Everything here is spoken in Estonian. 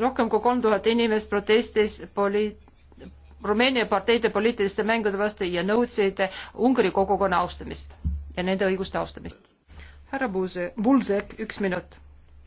rohkem kui kolm tuhat inimest protestis poli-, Rumeenia parteide poliitiliste mängude vastu ja nõudsid Ungari kogukonna austamist ja nende õiguste austamist. härra Buuse, Bulzek, üks minut